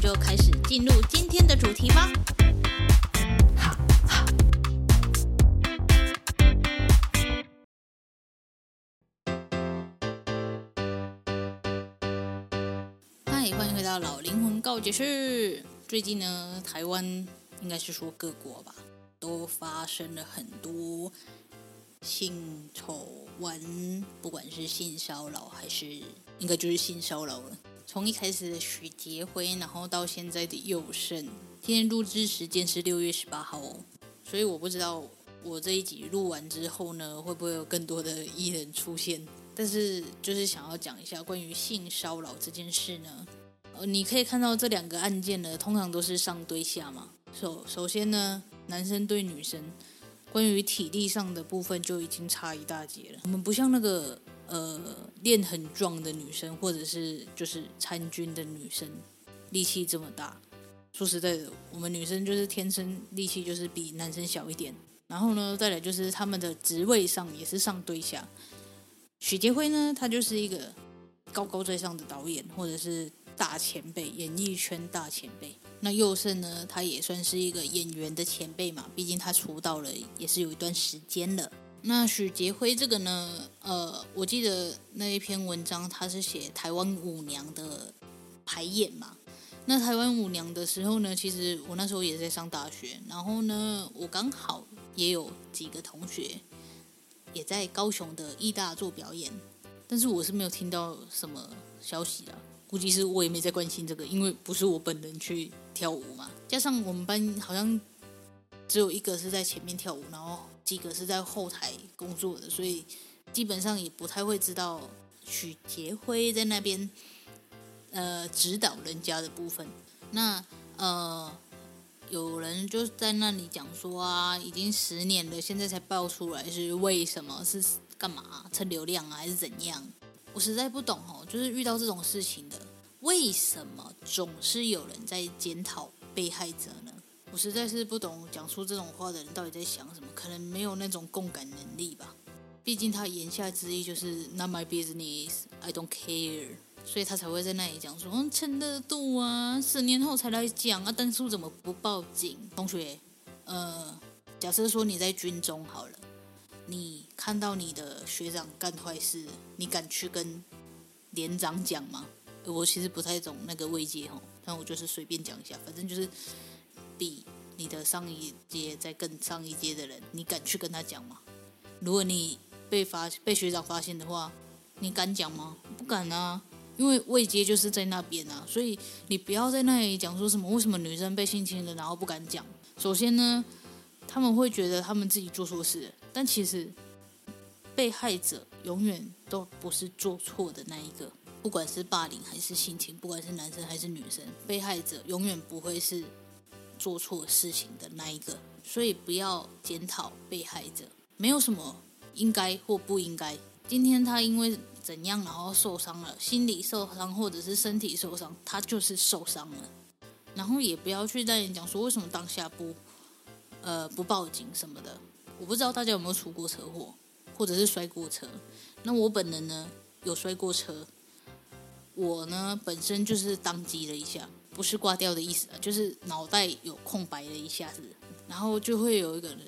就開始進入今天的主題吧。好好，嗨，歡迎回到老靈魂告解室。最近呢，台灣應該是說各國吧，都發生了很多性醜聞，不管是性騷擾還是，應該就是性騷擾了。從一開始的許杰輝，然後到現在的宥勝，今天錄製時間是六月十八號哦，所以我不知道我這一集錄完之後呢，會不會有更多的藝人出現。但是就是想要講一下關於性騷擾這件事呢，呃，你可以看到這兩個案件呢，通常都是上對下嘛。首、so, 首先呢，男生對女生，關於體力上的部分就已經差一大截了。我們不像那個。呃，練很壯的女生，或者是就是參軍的女生，力氣這麼大。說實在的，我們女生就是天生力氣就是比男生小一點。然後呢，再來就是他們的職位上也是上對下。許傑輝呢，他就是一個高高在上的導演，或者是大前輩，演藝圈大前輩。那宥勝呢，他也算是一個演員的前輩嘛，畢竟他出道了也是有一段時間了。那許杰輝這個呢？呃，我記得那一篇文章，他是寫台灣舞娘的排演嘛。那台灣舞娘的時候呢，其實我那時候也在上大學，然後呢，我剛好也有幾個同學也在高雄的藝大做表演，但是我是沒有聽到什麼消息的，估計是我也沒在關心這個，因為不是我本人去跳舞嘛，加上我們班好像。只有一個是在前面跳舞，然後幾個是在後台工作的，所以基本上也不太會知道許杰輝在那邊呃指導人家的部分。那呃有人就在那裡講說啊，已經十年了，現在才爆出來是為什麼？是幹嘛蹭流量啊，還是怎樣？我實在不懂哦。就是遇到這種事情的，為什麼總是有人在檢討被害者呢？我實在是不懂講出這種話的人到底在想什麼，可能沒有那種共感能力吧。畢竟他言下之意就是 “Not my business, I don't care”，所以他才會在那裡講說“蹭熱度啊，十年後才來講啊，當初怎麼不報警？”同學，呃，假設說你在軍中好了，你看到你的學長幹壞事，你敢去跟連長講嗎？我其實不太懂那個位階哈，但我就是隨便講一下，反正就是。比你的上一階再更上一階的人，你敢去跟他講嗎？如果你被發被學長發現的話，你敢講嗎？不敢啊，因為位階就是在那邊啊，所以你不要在那裡講說什麼為什麼女生被性侵了然後不敢講。首先呢，他們會覺得他們自己做錯事，但其實被害者永遠都不是做錯的那一個，不管是霸凌還是性侵，不管是男生還是女生，被害者永遠不會是。做錯事情的那一個，所以不要檢討被害者，沒有什麼應該或不應該。今天他因為怎樣，然後受傷了，心理受傷或者是身體受傷，他就是受傷了。然後也不要去在講說為什麼當下不，呃，不報警什麼的。我不知道大家有沒有出過車禍，或者是摔過車。那我本人呢，有摔過車，我呢本身就是當機了一下。不是掛掉的意思啊，就是腦袋有空白了一下子，然後就會有一個人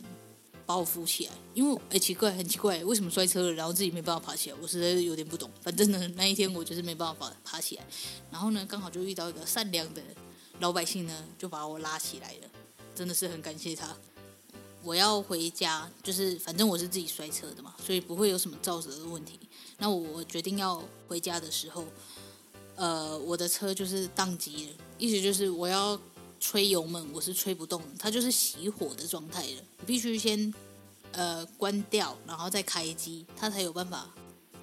把我扶起來，因為很、欸、奇怪，很奇怪，為什麼摔車了，然後自己沒辦法爬起來？我實在是有點不懂。反正呢，那一天我就是沒辦法爬起來，然後呢，剛好就遇到一個善良的老百姓呢，就把我拉起來了，真的是很感謝他。我要回家，就是反正我是自己摔車的嘛，所以不會有什麼肇事的問題。那我決定要回家的時候，呃，我的車就是宕機了。意思就是，我要吹油門，我是吹不動的，它就是熄火的狀態了。必須先呃關掉，然後再開機，它才有辦法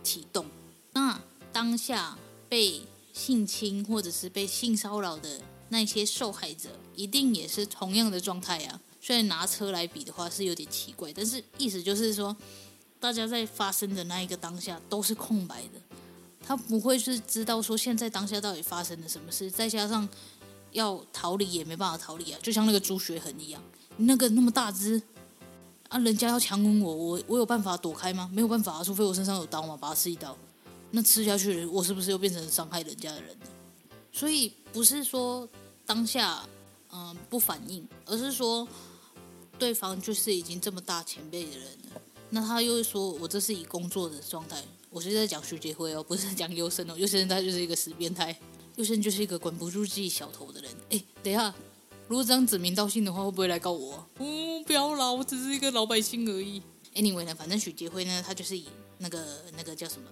啟動。那當下被性侵或者是被性騷擾的那些受害者，一定也是同樣的狀態啊。雖然拿車來比的話是有點奇怪，但是意思就是說，大家在發生的那一個當下都是空白的。他不會是知道說現在當下到底發生了什麼事，再加上要逃離也沒辦法逃離啊，就像那個朱學恆一樣，那個那麼大隻，啊，人家要強吻我，我我有辦法躲開嗎？沒有辦法，啊，除非我身上有刀嘛，把他刺一刀，那吃下去，我是不是又變成傷害人家的人？所以不是說當下嗯、呃、不反應，而是說對方就是已經這麼大前輩的人，那他又說，我這是以工作的狀態。我是在講許傑輝哦，不是講宥勝哦。宥勝他就是一個死變態，宥勝就是一個管不住自己小頭的人。哎、欸，等一下，如果這樣指名道姓的話，會不會來告我？啊。哦，不要啦，我只是一個老百姓而已。Anyway 呢，反正許傑輝呢，他就是以那個那個叫什麼，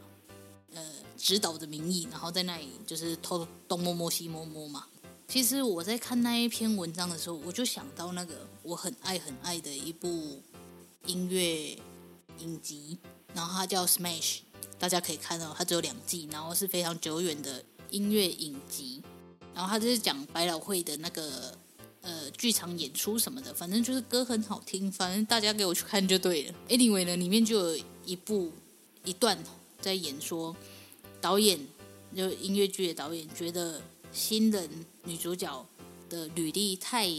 呃，指導的名義，然後在那裡就是偷東摸摸西摸摸嘛。其實我在看那一篇文章的時候，我就想到那個我很愛很愛的一部音樂影集，然後它叫《Smash》。大家可以看到哦，它只有兩季，然後是非常久遠的音樂影集。然後它就是講百老匯的那個呃劇場演出什麼的，反正就是歌很好聽。反正大家給我去看就對了。Anyway 呢，裡面就有一部一段在演說，導演就音樂劇的導演覺得新人女主角的履歷太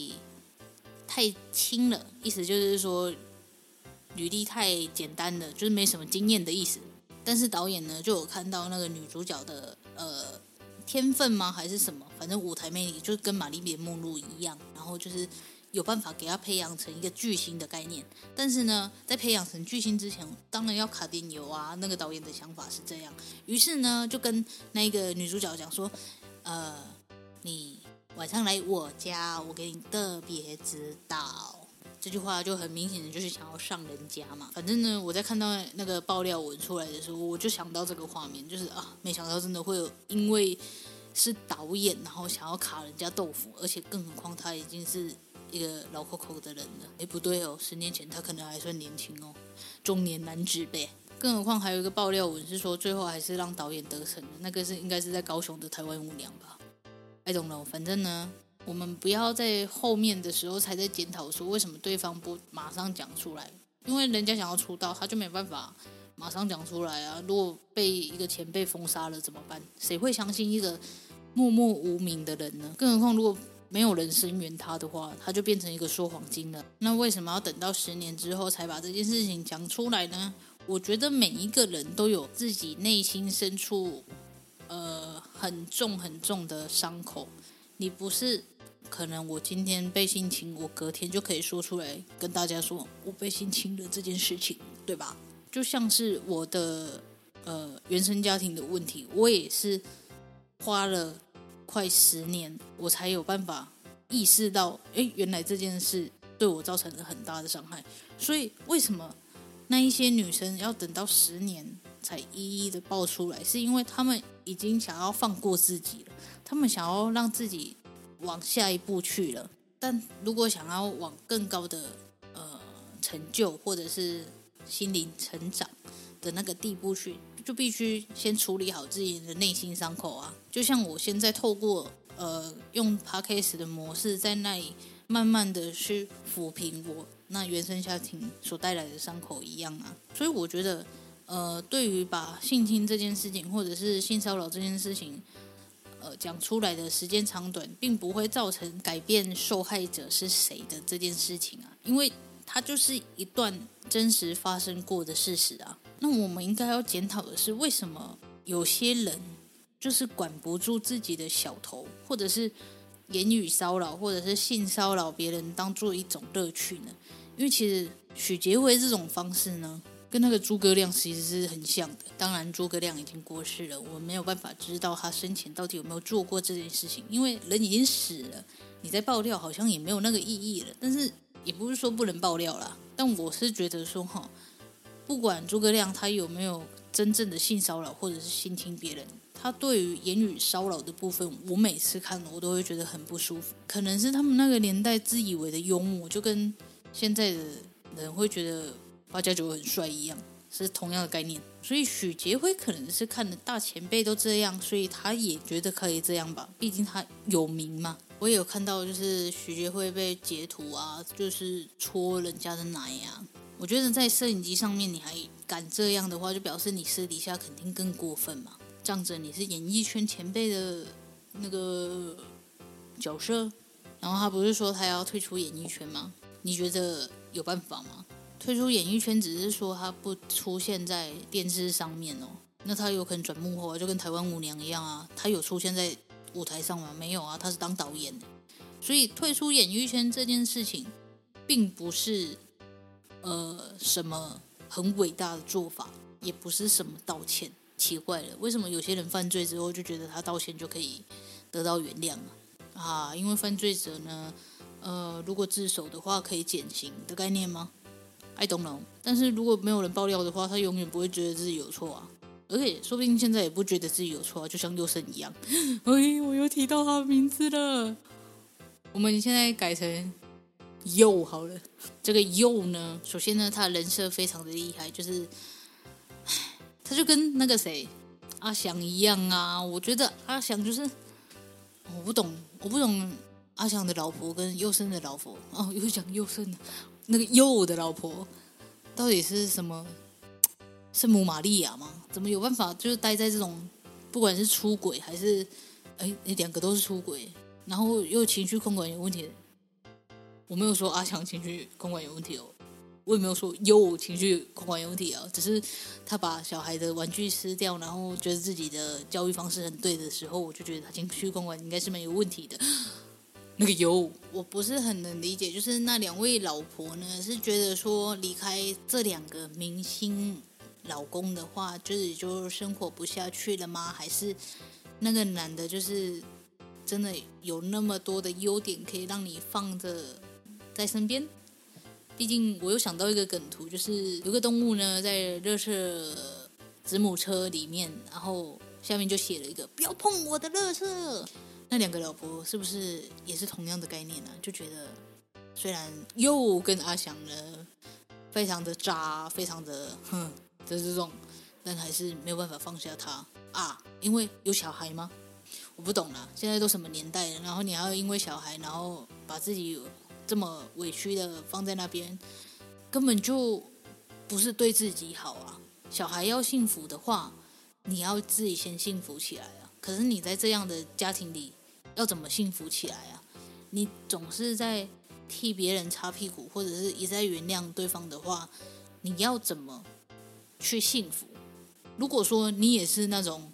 太輕了，意思就是說履歷太簡單了，就是沒什麼經驗的意思。但是導演呢，就有看到那個女主角的呃天分嗎？還是什麼？反正舞台魅力就跟《瑪麗蓮夢露》一樣，然後就是有辦法給她培養成一個巨星的概念。但是呢，在培養成巨星之前，當然要卡點油啊！那個導演的想法是這樣，於是呢，就跟那個女主角講說：“呃，你晚上來我家，我給你特別指導。”這句話就很明顯的就是想要上人家嘛，反正呢，我在看到那個爆料文出來的時候，我就想到這個畫面，就是啊，沒想到真的會有因為是導演，然後想要卡人家豆腐，而且更何況他已經是一個老扣扣的人了。哎，不對哦，十年前他可能還算年輕哦，中年男子唄。更何況還有一個爆料文是說，最後還是讓導演得逞的，那個是應該是在高雄的台灣舞娘吧？哎，懂了，反正呢。我們不要在後面的時候才在檢討說，為什麼對方不馬上講出來，因為人家想要出道，他就沒辦法馬上講出來啊。如果被一個前輩封殺了怎麼辦？誰會相信一個默默無名的人呢？更何況如果沒有人聲援他的話，他就變成一個說謊精了。那為什麼要等到十年之後才把這件事情講出來呢？我覺得每一個人都有自己內心深處，呃，很重很重的傷口。你不是。可能我今天被性侵，我隔天就可以說出來跟大家說，我被性侵了這件事情，對吧？就像是我的呃原生家庭的問題，我也是花了快十年，我才有辦法意識到，哎，原來這件事對我造成了很大的傷害。所以為什麼那一些女生要等到十年才一一的爆出來，是因為她們已經想要放過自己了，她們想要讓自己。往下一步去了，但如果想要往更高的呃成就或者是心靈成長的那個地步去，就必須先處理好自己的內心傷口啊。就像我現在透過呃用 podcast 的模式，在那裡慢慢的去撫平我那原生家庭所帶來的傷口一樣啊。所以我覺得，呃，對於把性侵這件事情或者是性騷擾這件事情，呃，講出來的時間長短，並不會造成改變受害者是誰的這件事情啊，因為它就是一段真實發生過的事實啊。那我們應該要檢討的是，為什麼有些人就是管不住自己的小頭，或者是言語騷擾，或者是性騷擾別人當做一種樂趣呢？因為其實許杰輝這種方式呢。跟那個豬哥亮其實是很像的，當然豬哥亮已經過世了，我沒有辦法知道他生前到底有沒有做過這件事情，因為人已經死了，你在爆料好像也沒有那個意義了。但是也不是說不能爆料啦，但我是覺得說哈，不管豬哥亮他有沒有真正的性騷擾或者是性侵別人，他對於言語騷擾的部分，我每次看我都會覺得很不舒服，可能是他們那個年代自以為的幽默，就跟現在的人會覺得。大家覺得很帥一樣，是同樣的概念，所以許杰輝可能是看的大前輩都這樣，所以他也覺得可以這樣吧？畢竟他有名嘛。我也有看到，就是許傑輝被截圖啊，就是戳人家的奶啊。我覺得在攝影機上面你還敢這樣的話，就表示你私底下肯定更過分嘛。仗着你是演藝圈前輩的那個角色，然後他不是說他要退出演藝圈嗎？你覺得有辦法嗎？退出演藝圈只是說他不出現在電視上面哦，那他有可能轉幕後啊，就跟台灣舞娘一樣啊。他有出現在舞台上嗎？沒有啊，他是當導演的。所以退出演藝圈這件事情，並不是呃什麼很偉大的做法，也不是什麼道歉。奇怪了，為什麼有些人犯罪之後就覺得他道歉就可以得到原諒啊？啊，因為犯罪者呢，呃，如果自首的話可以減刑的概念嗎？愛東龍，know, 但是如果沒有人爆料的話，他永遠不會覺得自己有錯啊。而、okay, 且說不定現在也不覺得自己有錯啊，就像宥勝一樣。哎、okay,，我又提到他名字了。我們現在改成“又”好了。這個“又”呢，首先呢，他的人設非常的厲害，就是，他就跟那個誰阿翔一樣啊。我覺得阿翔就是我不懂，我不懂阿翔的老婆跟宥勝的老婆。哦，又講宥勝那個幼的老婆到底是什麼？聖母瑪利亞嗎？怎麼有辦法就是待在這種不管是出軌還是誒，那、欸、兩個都是出軌，然後又情緒控管有問題？我沒有說阿強情緒控管有問題哦，我也沒有說幼情緒控管有問題啊、哦，只是他把小孩的玩具吃掉，然後覺得自己的教育方式很對的時候，我就覺得他情緒控管應該是沒有問題的。那個油，我不是很能理解。就是那兩位老婆呢，是覺得說，離開這兩個明星老公的話，就是就生活不下去了嗎？還是那個男的，就是真的有那麼多的優點可以讓你放着在身邊？畢竟我又想到一個梗圖，就是有個動物呢在垃圾子母車裡面，然後下面就寫了一個“不要碰我的垃圾”。那兩個老婆是不是也是同樣的概念呢、啊？就覺得雖然又跟着阿翔了，非常的渣，非常的哼，就是這種，但還是沒有辦法放下他啊！因為有小孩嗎？我不懂了，現在都什麼年代了？然後你要因為小孩，然後把自己這麼委屈的放在那邊，根本就不是對自己好啊！小孩要幸福的話，你要自己先幸福起來啊！可是你在這樣的家庭裡，要怎麼幸福起來啊？你總是在替別人擦屁股，或者是一再原諒對方的話，你要怎麼去幸福？如果說你也是那種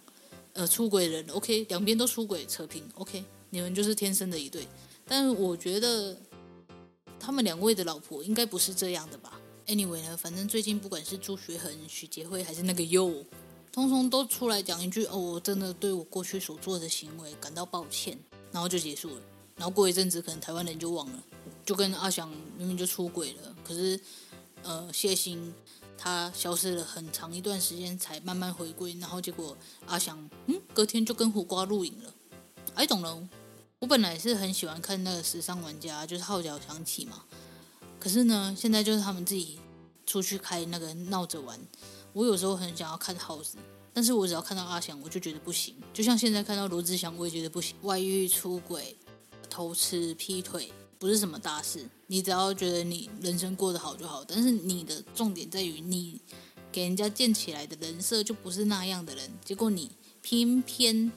呃出軌人，OK，兩邊都出軌扯平，OK，你們就是天生的一對。但是我覺得他們兩位的老婆應該不是這樣的吧？Anyway 呢，反正最近不管是朱學恆、許杰輝，還是那個佑，通通都出來講一句：哦，我真的對我過去所做的行為感到抱歉。然後就結束了，然後過一陣子，可能台灣人就忘了，就跟阿翔明明就出軌了，可是，呃，謝忻他消失了很長一段時間，才慢慢回歸，然後結果阿翔嗯，隔天就跟胡瓜錄影了，哎，懂了，我本來是很喜歡看那個時尚玩家，就是浩角翔起嘛，可是呢，現在就是他們自己出去開那個鬧着玩，我有時候很想要看浩子。但是我只要看到阿翔，我就覺得不行。就像現在看到羅志祥，我也覺得不行。外遇、出軌、偷吃、劈腿，不是什麼大事。你只要覺得你人生過得好就好。但是你的重點在於，你給人家建起來的人設就不是那樣的人。結果你偏偏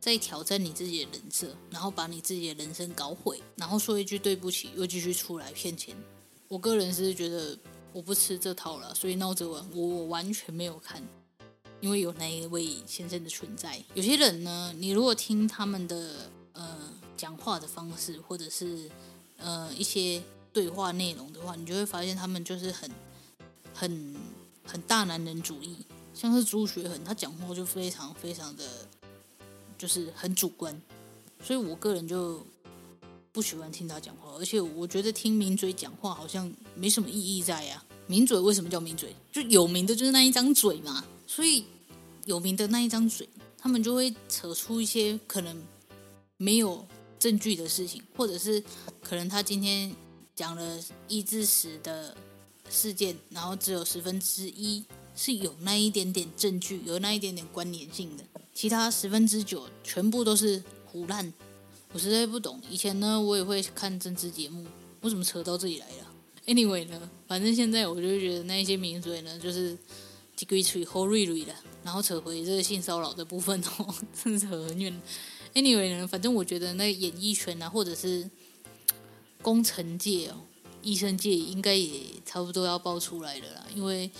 在挑戰你自己的人設，然後把你自己的人生搞毀，然後說一句對不起，又繼續出來騙錢。我個人是覺得我不吃這套了，所以鬧着玩，我我完全沒有看。因為有那一位先生的存在，有些人呢，你如果聽他們的呃講話的方式，或者是呃一些對話內容的話，你就會發現他們就是很很很大男人主義，像是朱學恆，他講話就非常非常的，就是很主觀，所以我個人就不喜歡聽他講話，而且我覺得聽名嘴講話好像沒什麼意義在呀、啊，名嘴為什麼叫名嘴？就有名的就是那一張嘴嘛。所以，有名的那一張嘴，他們就會扯出一些可能沒有證據的事情，或者是可能他今天講了一至十的事件，然後只有十分之一是有那一點點證據、有那一點點關聯性的，其他十分之九全部都是胡亂。我實在不懂。以前呢，我也會看政治節目，我怎麼扯到這裡來了啊？Anyway 呢，反正現在我就覺得那些名嘴呢，就是。一累累，然後扯回這個性騷擾的部分哦，真的扯很遠。Anyway 呢，反正我覺得那演藝圈啊，或者是工程界哦，醫生界應該也差不多要爆出來了啦。因為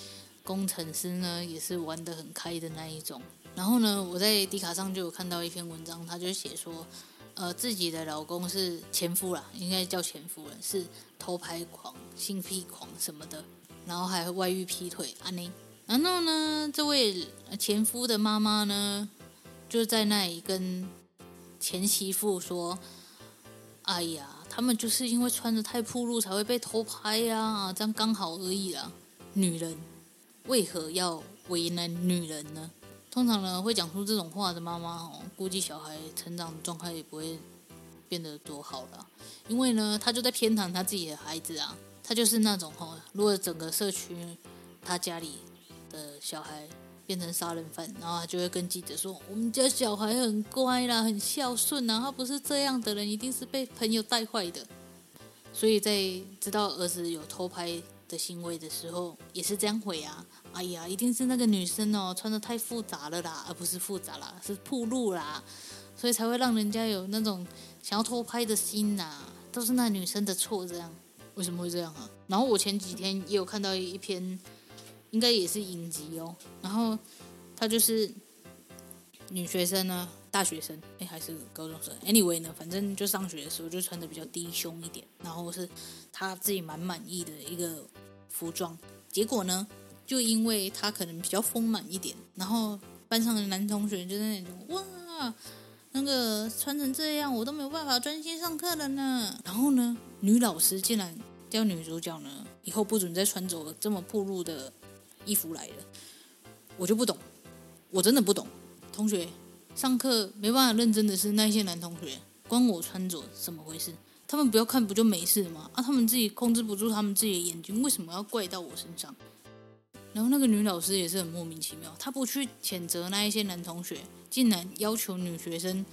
工程師呢，也是玩得很開的那一種。然後呢，我在迪卡上就有看到一篇文章，他就寫說，呃，自己的老公是前夫啦，應該叫前夫人，是偷拍狂、性癖狂什麼的，然後還外遇、劈腿啊，你。然後呢，這位前夫的媽媽呢，就在那裡跟前媳婦說：“哎呀，他們就是因為穿得太暴露才會被偷拍呀、啊，這樣剛好而已啦。女人為何要為難女人呢？通常呢，會講出這種話的媽媽哦，估計小孩成長狀態也不會變得多好啦，因為呢，他就在偏袒他自己的孩子啊。他就是那種哈，如果整個社區他家裡……呃、小孩變成殺人犯，然後就會跟記者說：“我們家小孩很乖啦，很孝順吶、啊，他不是這樣的人，一定是被朋友帶壞的。”所以在知道兒子有偷拍的行為的時候，也是這樣回啊：“哎呀，一定是那個女生哦、喔，穿得太複雜了啦，而、啊、不是複雜啦，是暴露啦，所以才會讓人家有那種想要偷拍的心吶、啊，都是那女生的錯。”這樣為什麼會這樣啊？然後我前幾天也有看到一篇。應該也是影集哦。然後，她就是女學生呢，大學生誒，還是高中生。Anyway 呢，反正就上學的時候就穿的比較低胸一點，然後是她自己蠻滿，滿意的一個服裝。結果呢，就因為她可能比較豐滿一點，然後班上的男同學就在那裡哇，那個穿成這樣我都沒有辦法專心上課了呢。然後呢，女老師竟然叫女主角呢，以後不准再穿走了這麼暴露的衣服來了，我就不懂，我真的不懂。同學上課沒辦法認真的是那些男同學，關我穿着怎麼回事？他們不要看不就沒事了嗎？啊，他們自己控制不住他們自己的眼睛，為什麼要怪到我身上？然後那個女老師也是很莫名其妙，她不去譴責那一些男同學，竟然要求女學生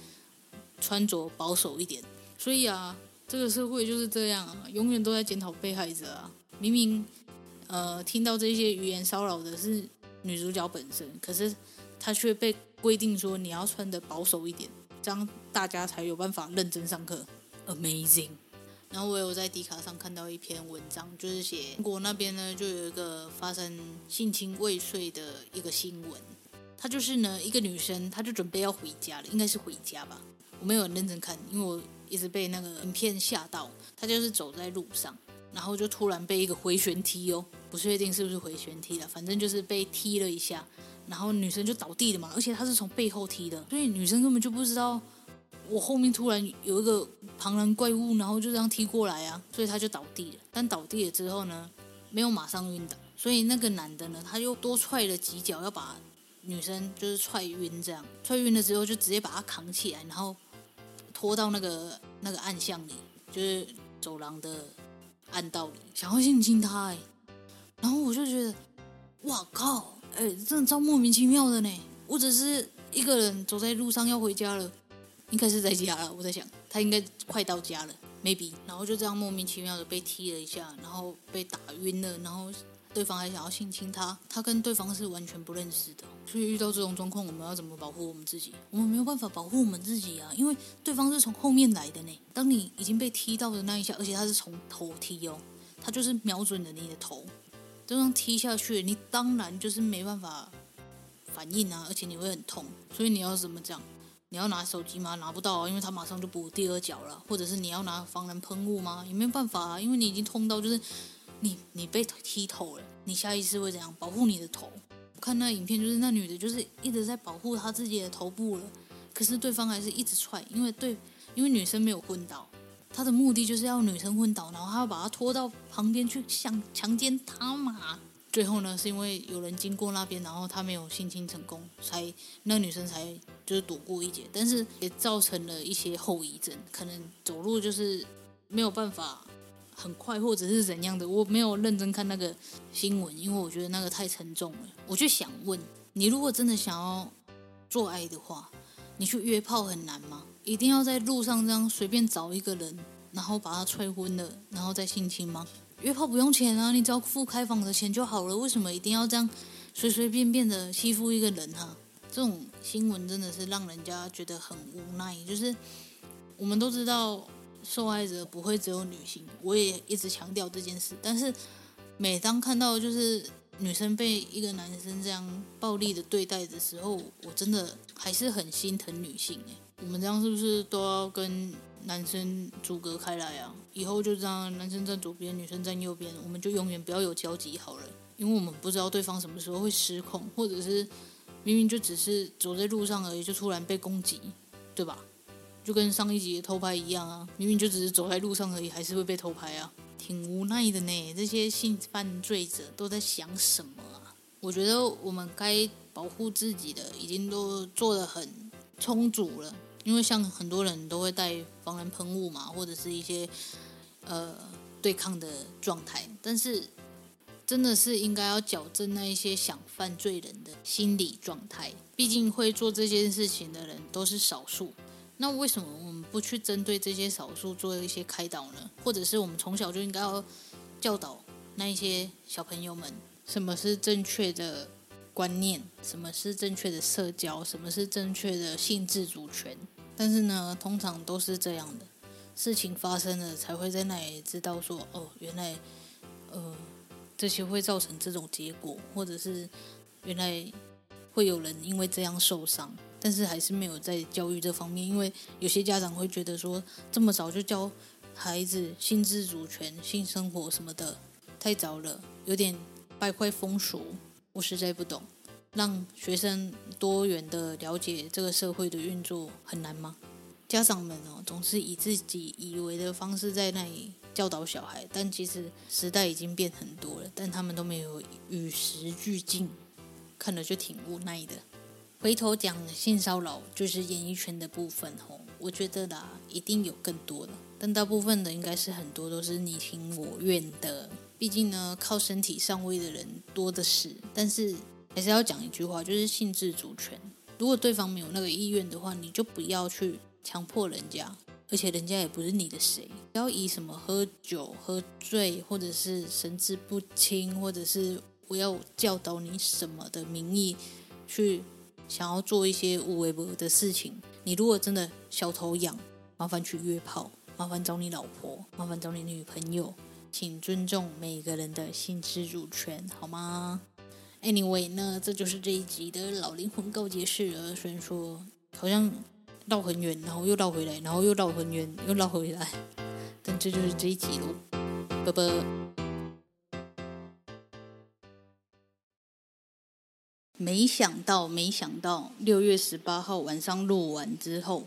穿着保守一點。所以啊，這個社會就是這樣啊，永遠都在檢討被害者啊，明明。呃，聽到這些語言騷擾的是女主角本身，可是她卻被規定說，你要穿得保守一點，這樣大家才有辦法認真上課。Amazing。然後我有在迪卡上看到一篇文章，就是寫英國那邊呢，就有一個發生性侵未遂的一個新聞。她就是呢，一個女生，她就準備要回家了，應該是回家吧？我沒有很認真看，因為我一直被那個影片嚇到。她就是走在路上。然後就突然被一個回旋踢哦，不確定是不是回旋踢了，反正就是被踢了一下，然後女生就倒地了嘛。而且她是從背後踢的，所以女生根本就不知道我後面突然有一個龐然怪物，然後就這樣踢過來啊，所以她就倒地了。但倒地了之後呢，沒有馬上暈倒，所以那個男的呢，他又多踹了幾腳，要把女生就是踹暈，這樣踹暈了之後就直接把她扛起來，然後拖到那個那個暗巷裡，就是走廊的。按道理想要性侵他，哎，然後我就覺得，哇靠，哎、欸，真的超莫名其妙的呢。我只是一個人走在路上要回家了，應該是在家了，我在想他應該快到家了，maybe，然後就這樣莫名其妙的被踢了一下，然後被打暈了，然後。對方還想要性侵他，他跟對方是完全不認識的，所以遇到這種狀況，我們要怎麼保護我們自己？我們沒有辦法保護我們自己啊，因為對方是從後面來的呢。當你已經被踢到的那一下，而且他是從頭踢哦，他就是瞄準了你的頭，這樣踢下去，你當然就是沒辦法反應啊，而且你會很痛。所以你要怎麼講？你要拿手機嗎？拿不到啊，因為他馬上就補第二腳了。或者是你要拿防狼噴霧嗎？也沒有辦法啊，因為你已經痛到就是。你你被踢頭了，你下意識會怎樣保護你的頭？我看那影片，就是那女的，就是一直在保護她自己的頭部了。可是對方還是一直踹，因為對，因為女生沒有昏倒，她的目的就是要女生昏倒，然後她要把她拖到旁邊去想強姦她嘛。最後呢，是因為有人經過那邊，然後她沒有性侵成功，才那女生才就是躲過一劫，但是也造成了一些後遺症，可能走路就是沒有辦法。很快，或者是怎樣的？我沒有認真看那個新聞，因為我覺得那個太沉重了。我就想問你，如果真的想要做愛的話，你去約炮很難嗎？一定要在路上這樣隨便找一個人，然後把他催婚了，然後再性侵嗎？約炮不用錢啊，你只要付開房的錢就好了。為什麼一定要這樣隨隨便便的欺負一個人啊？哈，這種新聞真的是讓人家覺得很無奈。就是我們都知道。受害者不會只有女性，我也一直強調這件事。但是，每當看到就是女生被一個男生這樣暴力的對待的時候，我真的還是很心疼女性欸。哎，我們這樣是不是都要跟男生阻隔開來啊？以後就這樣，男生站左邊，女生站右邊，我們就永遠不要有交集好了，因為我們不知道對方什麼時候會失控，或者是明明就只是走在路上而已，就突然被攻擊，對吧？就跟上一集的偷拍一樣啊，明明就只是走在路上而已，還是會被偷拍啊，挺無奈的呢。這些性犯罪者都在想什麼啊？我覺得我們該保護自己的已經都做得很充足了，因為像很多人都會帶防狼噴霧嘛，或者是一些呃對抗的狀態。但是真的是應該要矯正那一些想犯罪人的心理狀態，畢竟會做這件事情的人都是少數。那為什麼我們不去針對這些少數做一些開導呢？或者是我們從小就應該要教導那一些小朋友們，什麼是正確的觀念，什麼是正確的社交，什麼是正確的性自主權？但是呢，通常都是這樣的事情發生了，才會在那裡知道說，哦，原來，呃，這些會造成這種結果，或者是原來會有人因為這樣受傷。但是還是沒有在教育這方面，因為有些家長會覺得說，這麼早就教孩子性自主權、性生活什麼的太早了，有點敗壞風俗。我實在不懂，讓學生多元的了解這個社會的運作很難嗎？家長們哦，總是以自己以為的方式在那裡教導小孩，但其實時代已經變很多了，但他們都沒有與時俱進，看了就挺無奈的。回頭講性騷擾，就是演藝圈的部分吼，我覺得啦，一定有更多的，但大部分的應該是很多都是你情我願的。畢竟呢，靠身體上位的人多的是。但是還是要講一句話，就是性自主權。如果對方沒有那個意願的話，你就不要去強迫人家，而且人家也不是你的誰。不要以什麼喝酒喝醉，或者是神志不清，或者是我要教導你什麼的名義去。想要做一些無微博的事情，你如果真的小頭癢，麻煩去約炮，麻煩找你老婆，麻煩找你女朋友，請尊重每一個人的性自主權，好嗎？Anyway 呢，這就是這一集的老靈魂告解室了。雖然說好像繞很遠，然後又繞回來，然後又繞很遠，又繞回來，但這就是這一集咯。拜拜。沒想到，沒想到，六月十八號晚上錄完之後，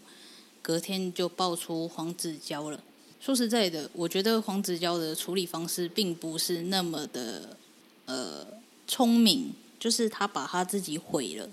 隔天就爆出黃子佼了。說實在的，我覺得黃子佼的處理方式並不是那麼的呃聰明，就是他把他自己毀了。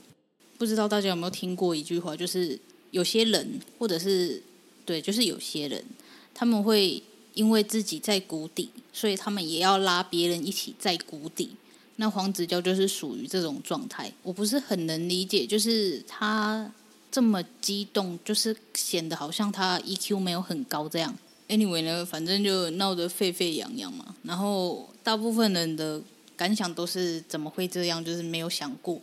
不知道大家有沒有聽過一句話，就是有些人或者是對，就是有些人他們會因為自己在谷底，所以他們也要拉別人一起在谷底。那黃子佼就是屬於這種狀態，我不是很能理解，就是他這麼激動，就是顯得好像他 EQ 沒有很高這樣。Anyway 呢，反正就鬧得沸沸揚揚嘛。然後大部分人的感想都是怎麼會這樣，就是沒有想過。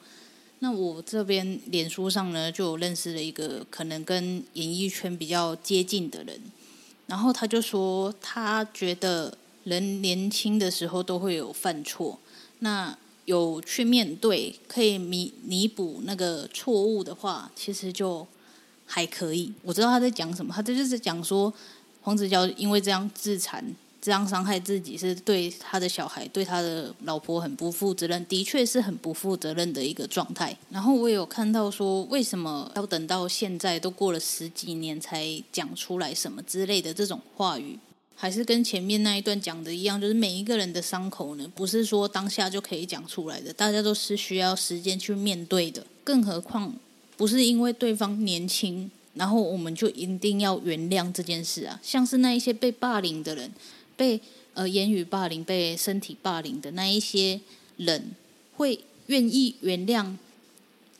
那我這邊臉書上呢，就有認識了一個可能跟演藝圈比較接近的人，然後他就說，他覺得人年輕的時候都會有犯錯。那有去面對，可以彌彌補那個錯誤的話，其實就還可以。我知道他在講什麼，他這就是講說黃子佼因為這樣自殘、這樣傷害自己，是對他的小孩、對他的老婆很不負責任，的確是很不負責任的一個狀態。然後我也有看到說，為什麼要等到現在都過了十幾年才講出來什麼之類的這種話語。還是跟前面那一段講的一樣，就是每一個人的傷口呢，不是說當下就可以講出來的，大家都是需要時間去面對的。更何況，不是因為對方年輕，然後我們就一定要原諒這件事啊。像是那一些被霸凌的人，被呃言語霸凌，被身體霸凌的那一些人，會願意原諒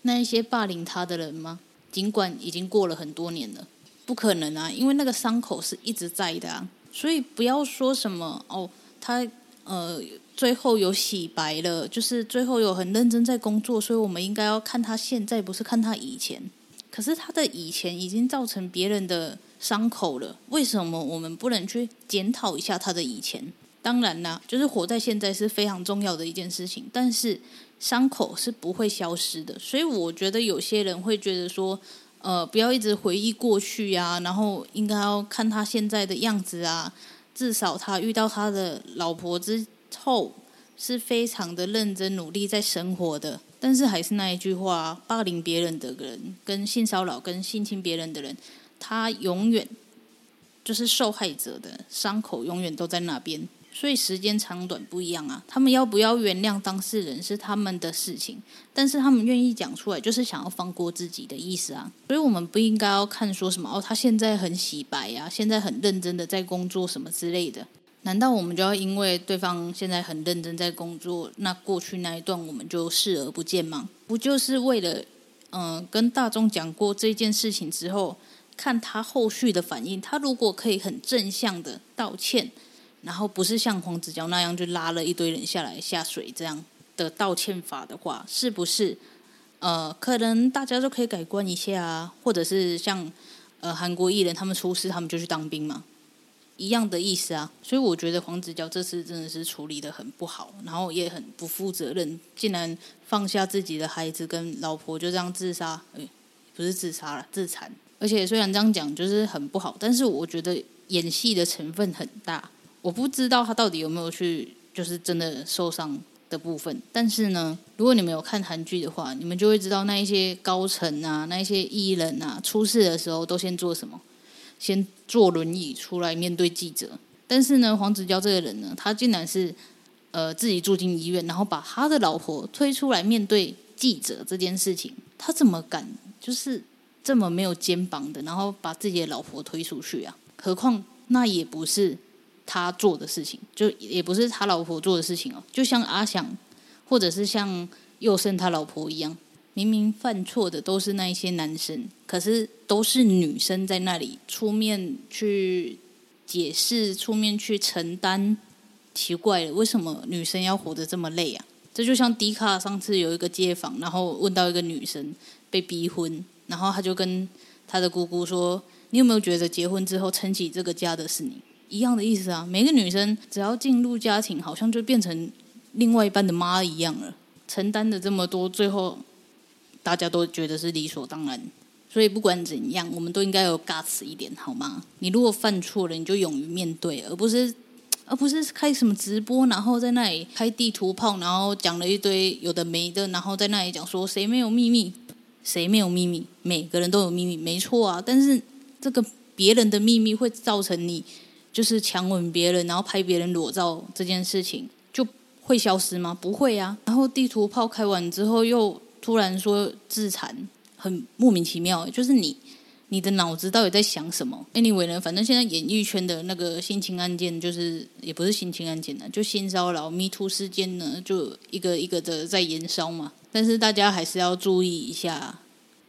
那一些霸凌他的人嗎？儘管已經過了很多年了，不可能啊，因為那個傷口是一直在的啊。所以不要說什麼哦，他呃最後有洗白了，就是最後有很認真在工作，所以我們應該要看他現在，不是看他以前。可是他的以前已經造成別人的傷口了，為什麼我們不能去檢討一下他的以前？當然啦，就是活在現在是非常重要的一件事情，但是傷口是不會消失的。所以我覺得有些人會覺得說，呃，不要一直回憶過去啊，然後應該要看他現在的樣子啊。至少他遇到他的老婆之後，是非常的認真努力在生活的。但是還是那一句話，霸凌別人的人，跟性騷擾、跟性侵別人的人，他永遠就是受害者的，傷口永遠都在那邊。所以時間長短不一樣啊，他們要不要原諒當事人是他們的事情，但是他們願意講出來，就是想要放過自己的意思啊。所以，我們不應該要看說什麼哦，他現在很洗白啊，現在很認真的在工作什麼之類的。難道我們就要因為對方現在很認真在工作，那過去那一段我們就視而不見嗎？不就是為了嗯、呃，跟大眾講過這件事情之後，看他後續的反應，他如果可以很正向的道歉。然後不是像黃子佼那樣就拉了一堆人下來下水這樣的道歉法的話，是不是？呃，可能大家都可以改觀一下，啊，或者是像呃韓國藝人他們出事他們就去當兵嘛，一樣的意思啊。所以我覺得黃子佼這次真的是處理得很不好，然後也很不負責任，竟然放下自己的孩子跟老婆就這樣自殺，哎，欸，不是自殺了，自殘。而且雖然這樣講就是很不好，但是我覺得演戲的成分很大。我不知道他到底有沒有去，就是真的受傷的部分。但是呢，如果你們有看韓劇的話，你們就會知道那一些高層啊，那一些藝人啊，出事的時候都先做什麼？先坐輪椅出來面對記者。但是呢，黃子佼這個人呢，他竟然是呃自己住進醫院，然後把他的老婆推出來面對記者這件事情，他怎麼敢？就是這麼沒有肩膀的，然後把自己的老婆推出去啊？何況那也不是。他做的事情，就也不是他老婆做的事情哦。就像阿翔或者是像宥勝他老婆一樣，明明犯錯的都是那一些男生，可是都是女生在那裡出面去解釋、出面去承擔。奇怪了，為什麼女生要活得這麼累啊？這就像迪卡上次有一個街訪，然後問到一個女生被逼婚，然後他就跟他的姑姑說：“你有沒有覺得結婚之後撐起這個家的是你？”一樣的意思啊！每個女生只要進入家庭，好像就變成另外一半的媽一樣了，承擔的這麼多，最後大家都覺得是理所當然。所以不管怎樣，我們都應該有尬 u 一點，好嗎？你如果犯錯了，你就勇於面對，而不是而不是開什麼直播，然後在那裡開地圖炮，然後講了一堆有的沒的，然後在那裡講說誰沒有秘密，誰沒有秘密，每個人都有秘密，沒錯啊。但是這個別人的秘密會造成你。就是強吻別人，然後拍別人裸照這件事情，就會消失嗎？不會啊。然後地圖炮開完之後，又突然說自殘，很莫名其妙。就是你，你的腦子到底在想什麼？anyway 呢？反正現在演藝圈的那個性侵案件，就是也不是性侵案件了，啊，就性騷擾、me too 事件呢，就一個一個的在延燒嘛。但是大家還是要注意一下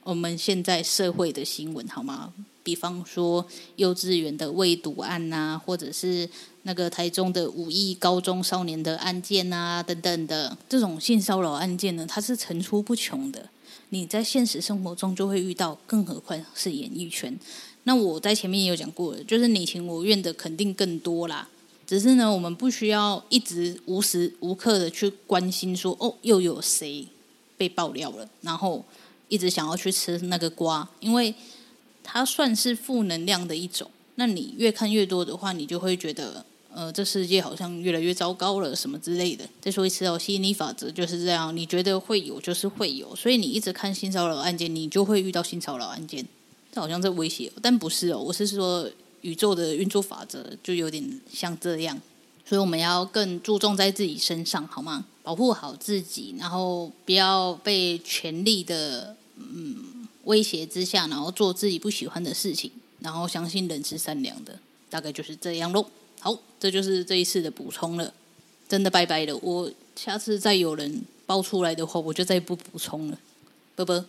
我們現在社會的新聞，好嗎？比方說，幼稚園的餵毒案吶、啊，或者是那個台中的五億高中少年的案件啊，等等的這種性騷擾案件呢，它是層出不窮的。你在現實生活中就會遇到，更何況是演藝圈。那我在前面也有講過，就是你情我願的肯定更多啦。只是呢，我們不需要一直無時無刻的去關心說，哦，又有誰被爆料了，然後一直想要去吃那個瓜，因為，它算是負能量的一種。那你越看越多的話，你就會覺得，呃，這世界好像越來越糟糕了，什麼之類的。再說一次哦，吸引力法則就是這樣。你覺得會有，就是會有。所以你一直看性騷擾案件，你就會遇到性騷擾案件。這好像在威脅，哦，但不是哦。我是說，宇宙的運作法則就有點像這樣。所以我們要更注重在自己身上，好嗎？保護好自己，然後不要被權力的，嗯。威脅之下，然後做自己不喜歡的事情，然後相信人是善良的，大概就是這樣咯。好，這就是這一次的補充了。真的拜拜了，我下次再有人爆出來的話，我就再也不補充了。拜拜。